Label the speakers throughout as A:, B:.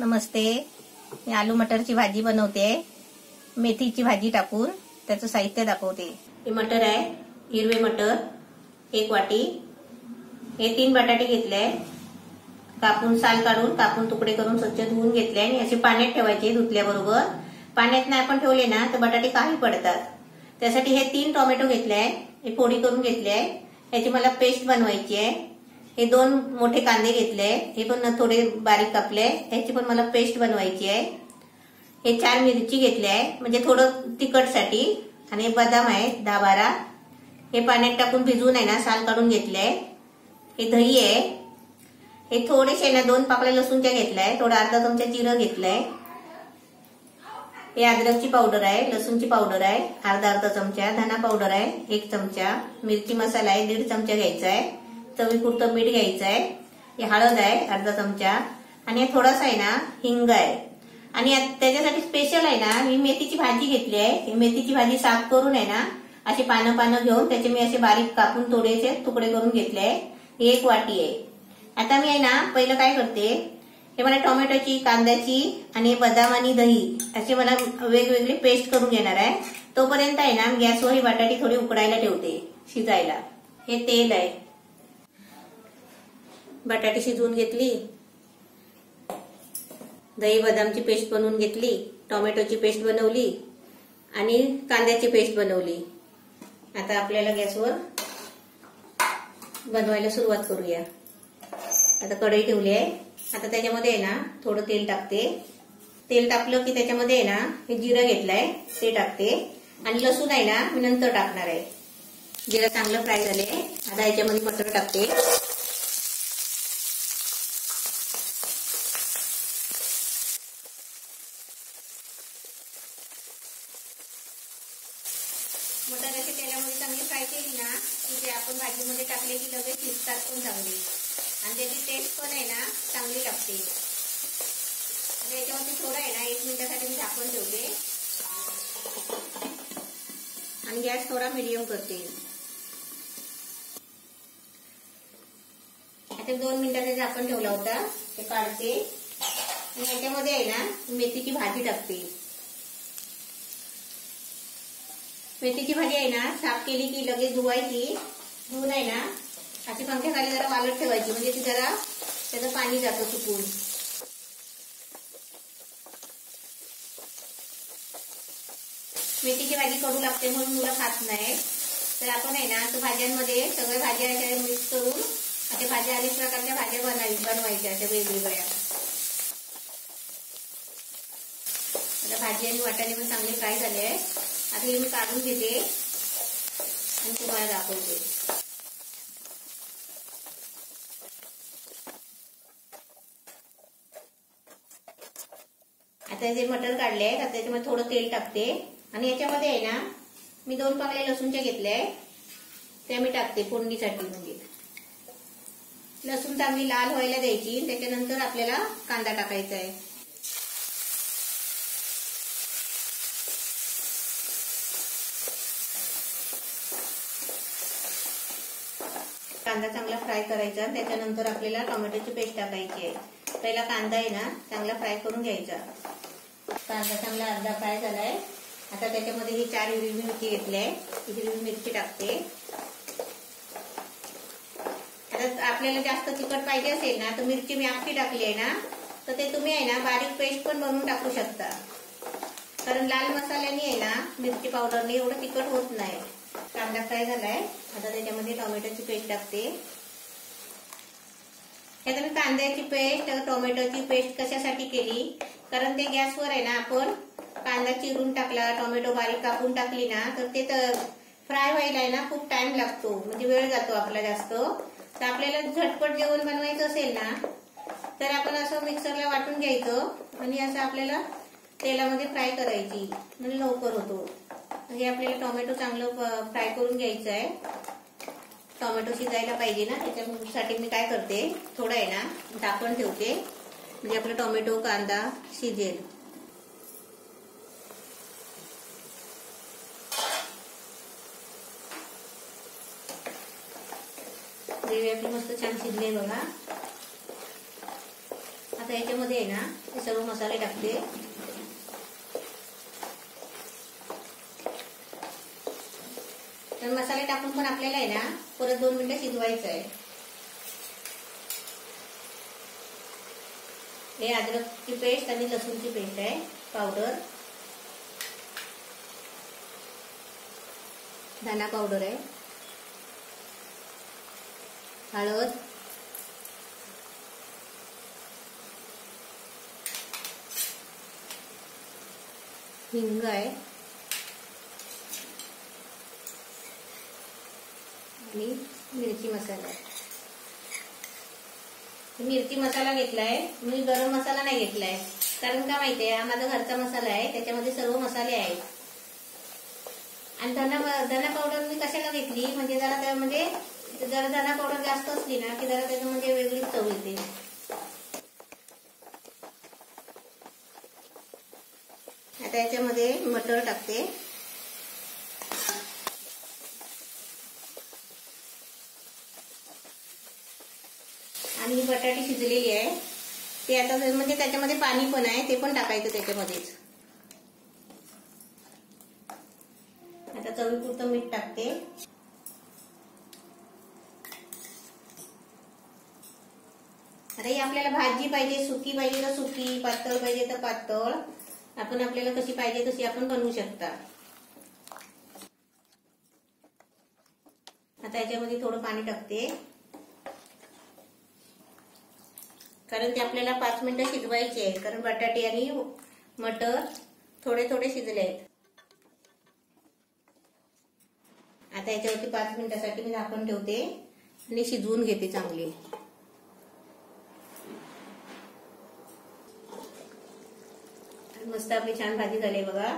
A: नमस्ते मी आलू मटरची भाजी बनवते मेथीची भाजी टाकून त्याचं साहित्य दाखवते हे मटर आहे हिरवे मटर एक वाटी हे तीन बटाटे घेतले कापून साल काढून कापून तुकडे करून स्वच्छ धुवून घेतले आणि असे पाण्यात ठेवायचे धुतल्याबरोबर पाण्यात नाही आपण ठेवले ना तर बटाटे काही पडतात त्यासाठी हे तीन टोमॅटो घेतले आहे हे फोडी करून घेतले आहे याची मला पेस्ट बनवायची आहे हे दोन मोठे कांदे घेतले हे पण थोडे बारीक कापले ह्याची पण मला पेस्ट बनवायची आहे हे चार मिरची घेतली आहे म्हणजे थोडं तिखटसाठी आणि हे बदाम आहे दहा बारा हे पाण्यात टाकून भिजवून आहे ना साल काढून घेतले आहे हे दही आहे हे थोडेसे ना दोन पाकळ्या लसूणच्या घेतल्या आहे थोडं अर्धा चमचा जिरं घेतलंय हे अद्रकची पावडर आहे लसूणची पावडर आहे अर्धा अर्धा चमचा धना पावडर आहे एक चमचा मिरची मसाला आहे दीड चमचा घ्यायचा आहे चवीपुरतं मीठ घ्यायचं आहे हे हळद आहे अर्धा चमचा आणि थोडासा आहे ना हिंग आहे आणि त्याच्यासाठी स्पेशल आहे ना मी मेथीची भाजी घेतली आहे मेथीची भाजी साफ करून आहे ना असे पानं पानं घेऊन त्याचे मी असे बारीक कापून थोडेसे तुकडे करून घेतले आहे एक वाटी आहे आता मी आहे ना पहिलं काय करते हे मला टोमॅटोची कांद्याची आणि बदाम आणि दही असे मला वेगवेगळे पेस्ट करून घेणार आहे तोपर्यंत आहे ना गॅसवर ही बटाटी थोडी उकडायला ठेवते शिजायला हे तेल आहे बटाटे शिजवून घेतली दही बदामची पेस्ट बनवून घेतली टोमॅटोची पेस्ट बनवली आणि कांद्याची पेस्ट बनवली आता आपल्याला गॅसवर बनवायला सुरुवात करूया आता कढई ठेवली आहे आता त्याच्यामध्ये आहे ना थोडं तेल टाकते तेल टाकलं की त्याच्यामध्ये आहे ना हे जिरं घेतलाय ते टाकते आणि लसूण आहे ना मी नंतर टाकणार आहे जिरं चांगलं फ्राय झाले आता याच्यामध्ये मटर टाकते लगेच शिजतात पण चांगली आणि त्याची टेस्ट पण आहे ना चांगली लागते याच्यामध्ये थोडं आहे ना एक मिनिटासाठी मी झाकण ठेवते आणि गॅस थोडा मिडियम करते आता दोन मिनिटाचा झाकण ठेवला होता ते काढते आणि याच्यामध्ये आहे ना मेथीची भाजी टाकते मेथीची भाजी आहे ना साफ केली की लगेच धुवायची धुऊन आहे ना अशी खाली जरा वालत ठेवायची म्हणजे ती जरा त्याचं पाणी जातं सुकून मेथीची भाजी करू लागते म्हणून मुलं खात नाही तर आपण आहे ना असं भाज्यांमध्ये सगळ्या भाज्या त्या मिक्स करून आता भाज्या अनेक प्रकारच्या भाज्या बनावी बनवायच्या अशा वेगवेगळ्या आता भाजी आणि वाटाणे पण चांगले फ्राय झाले आहे आता हे मी काढून घेते आणि तुम्हाला दाखवते आता जे मटण काढले आहेत आता त्याच्यामध्ये थोडं तेल टाकते आणि याच्यामध्ये आहे ना मी दोन पाकळ्या लसूणच्या घेतल्या त्या मी टाकते फोडणीसाठी म्हणजे लसूण चांगली लाल व्हायला द्यायची त्याच्यानंतर आपल्याला कांदा टाकायचा आहे कांदा चांगला फ्राय करायचा त्याच्यानंतर आपल्याला टोमॅटोची पेस्ट टाकायची आहे पहिला कांदा आहे ना चांगला फ्राय करून घ्यायचा कांदा चांगला अर्धा फ्राय झालाय आता त्याच्यामध्ये ही चार हिरवी मिरची घेतली आहे हिरवी मिरची टाकते आता आपल्याला जास्त तिखट पाहिजे असेल ना तर मिरची मी आखी टाकली आहे ना तर ते तुम्ही आहे ना बारीक पेस्ट पण बनवून टाकू शकता कारण लाल मसाल्याने आहे ना मिरची पावडरने एवढं तिखट होत नाही कांदा फ्राय झालाय आता त्याच्यामध्ये टोमॅटोची पेस्ट टाकते यात मी कांद्याची पेस्ट टोमॅटोची पेस्ट कशासाठी केली कारण ते गॅसवर आहे ना आपण कांदा चिरून टाकला टोमॅटो बारीक कापून टाकली ना तर ते तर फ्राय व्हायला आहे ना खूप टाइम लागतो म्हणजे वेळ जातो आपला जास्त तर आपल्याला झटपट जेवण बनवायचं असेल ना तर आपण असं मिक्सरला वाटून घ्यायचं आणि असं आपल्याला तेलामध्ये फ्राय करायची म्हणजे लवकर होतो हे आपल्याला टोमॅटो चांगलं फ्राय करून घ्यायचं आहे टोमॅटो शिजायला पाहिजे ना त्याच्यासाठी मी काय करते थोडं आहे ना झाकण ठेवते म्हणजे आपला टोमॅटो कांदा शिजेल ग्रेव्ही आपली मस्त छान शिजले बघा आता याच्यामध्ये आहे ना हे सर्व मसाले टाकते तर मसाले टाकून पण आपल्याला आहे ना परत दोन मिनिटं शिजवायचं आहे हे अद्रकची पेस्ट आणि लसूणची पेस्ट आहे पावडर धना पावडर आहे हळद हिंग आहे आणि मिरची मसाला आहे मिरची मसाला घेतलाय मी गरम मसाला नाही घेतलाय कारण का माहितीये हा माझा घरचा मसाला आहे त्याच्यामध्ये सर्व मसाले आहेत आणि धना धना पावडर मी कशाला घेतली म्हणजे जरा त्यामध्ये म्हणजे जरा धना पावडर जास्त असली ना की जरा त्याच्या म्हणजे वेगळीच चव येते आता याच्यामध्ये मटर टाकते बटाटे शिजलेली आहे ते आता म्हणजे त्याच्यामध्ये पाणी पण आहे ते पण टाकायचं त्याच्यामध्येच आता चवीपुरतं मीठ टाकते आता आपल्याला भाजी पाहिजे सुकी पाहिजे तर सुकी पातळ पाहिजे तर पातळ आपण आपल्याला कशी पाहिजे तशी आपण बनवू शकता आता याच्यामध्ये थोडं पाणी टाकते कारण ते आपल्याला पाच मिनिटं शिजवायचे आहे कारण बटाटे आणि मटर थोडे थोडे शिजले आहेत आता याच्यावरती पाच मिनिटासाठी मी झाकण ठेवते आणि शिजवून घेते चांगली मस्त आपली छान भाजी झाली बघा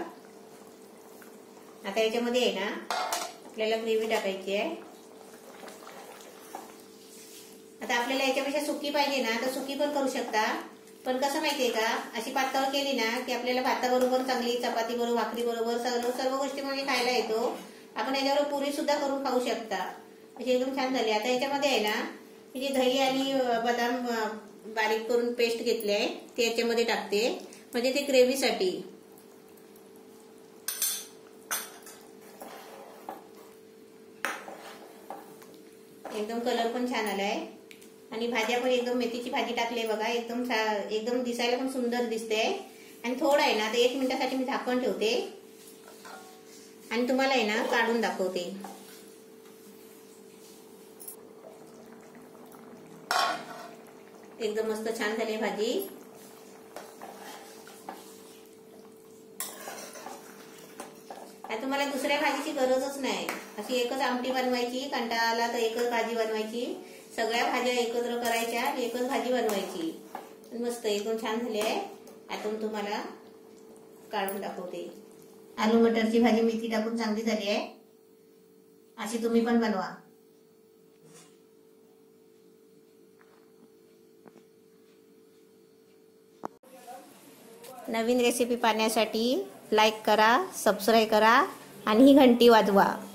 A: आता याच्यामध्ये आहे ना आपल्याला ग्रेव्ही टाकायची आहे आता आपल्याला याच्यापेक्षा सुकी पाहिजे ना तर सुकी पण करू शकता पण कसं माहितीये का अशी पातळ केली ना की आपल्याला भाताबरोबर चांगली चपाती बरोबर भाकरी बरोबर सर्व सर्व गोष्टी म्हणजे खायला येतो आपण याच्यावर पुरी सुद्धा करून खाऊ शकता अशी एकदम छान झाली आता याच्यामध्ये आहे ना जी दही आणि बदाम बारीक करून पेस्ट घेतली आहे ते याच्यामध्ये टाकते म्हणजे ते ग्रेव्हीसाठी एकदम कलर पण छान आलाय आणि भाज्या पण एकदम मेथीची भाजी टाकली बघा एकदम एकदम दिसायला पण सुंदर दिसते आणि थोडं आहे ना आता एक मिनिटासाठी मी झाकण ठेवते आणि तुम्हाला आहे ना काढून दाखवते एकदम मस्त छान झाली भाजी तुम्हाला दुसऱ्या भाजीची गरजच नाही अशी एकच आमटी बनवायची कंटाळाला तर एकच भाजी बनवायची सगळ्या भाज्या एकत्र करायच्या आणि एकच भाजी बनवायची मस्त एकदम छान झाली आहे मी तुम्हाला काढून दाखवते आलू मटरची भाजी मेथी टाकून चांगली झाली आहे अशी तुम्ही पण बनवा नवीन रेसिपी पाहण्यासाठी लाईक करा सबस्क्राईब करा आणि ही घंटी वाजवा